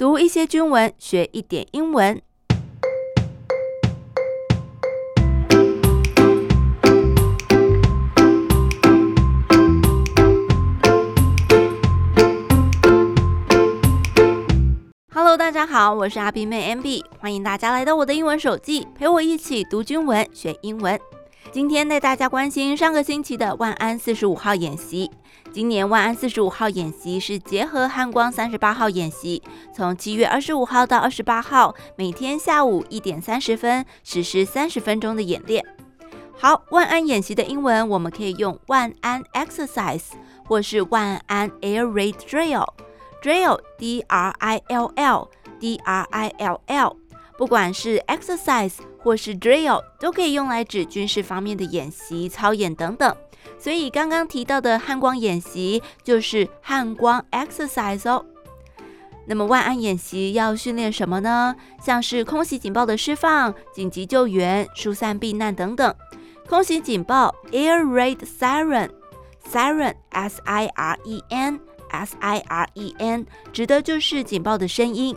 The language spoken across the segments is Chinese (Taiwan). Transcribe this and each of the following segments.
讀一些軍文，學一點英文。Hello，大家好，我是阿斌妹 MB，歡迎大家來到我的英文手記，陪我一起讀軍文，學英文。今天帶大家關心上個星期的萬安四十五號演習。今年萬安四十五號演習是結合漢光三十八號演習，從七月二十五號到二十八號，每天下午一點三十分實施三十分鐘的演練。好，萬安演習的英文我們可以用萬安 exercise 或是萬安 air raid drill drill D R I L L D R I L L，不管是 exercise，或是 drill 都可以用來指軍事方面的演習、操演等等，所以剛剛提到的漢光演習就是漢光 exercise 哦。那麼萬安演習要訓練什麼呢？像是空襲警報的施放、緊急救援、疏散避難等等。空襲警報 air raid siren siren s, iren, s, iren, s i r e n s i r e n 指的就是警報的聲音。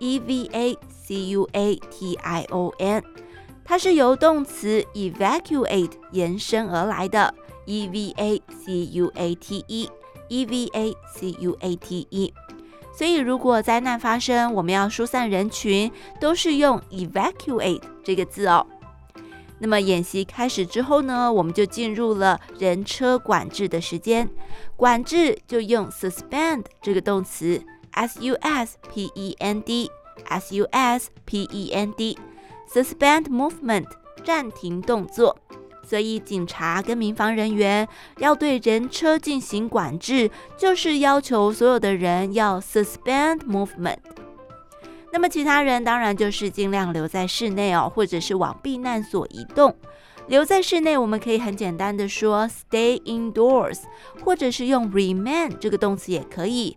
evacuation，它是由動詞 evacuate 延伸而來的。evacuate，evacuate、e e e。所以，如果災難發生，我們要疏散人群，都是用 evacuate 這個字哦。那麼，演習開始之後呢，我們就進入了人車管制的時間，管制就用 suspend 這個動詞。suspend, suspend, suspend movement，暫停動作。所以警察跟民防人員要對人車進行管制，就是要求所有的人要 suspend movement。那麼其他人當然就是盡量留在室內哦，或者是往避難所移動。留在室內，我們可以很簡單的說 stay indoors，或者是用 remain 這個動詞也可以。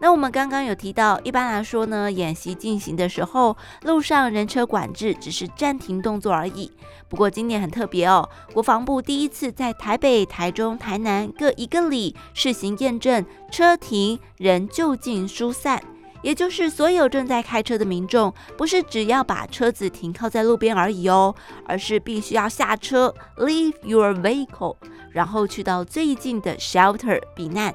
那我們剛剛有提到，一般來說呢，演習進行的時候，路上人車管制只是暫停動作而已。不過今年很特別哦，國防部第一次在台北、台中、台南各一個里試行驗證，車停，人就近疏散，也就是所有正在開車的民眾，不是只要把車子停靠在路邊而已哦，而是必須要下車 leave your vehicle，然後去到最近的 shelter 避難。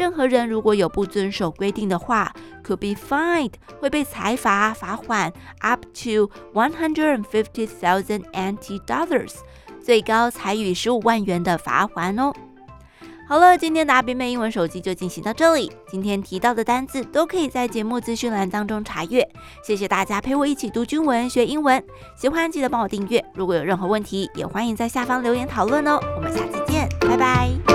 任何人如果有不遵守規定的話，could be fined，會被裁罰罰款 up to one hundred and fifty thousand NT dollars，最高裁予十五萬元的罰款哦。好了，今天的阿兵妹英文手機就進行到這裡。今天提到的單字都可以在節目資訊欄當中查閱。謝謝大家陪我一起讀軍文學英文，喜歡記得幫我訂閱。如果有任何問題，也歡迎在下方留言討論哦。我們下次見，拜拜。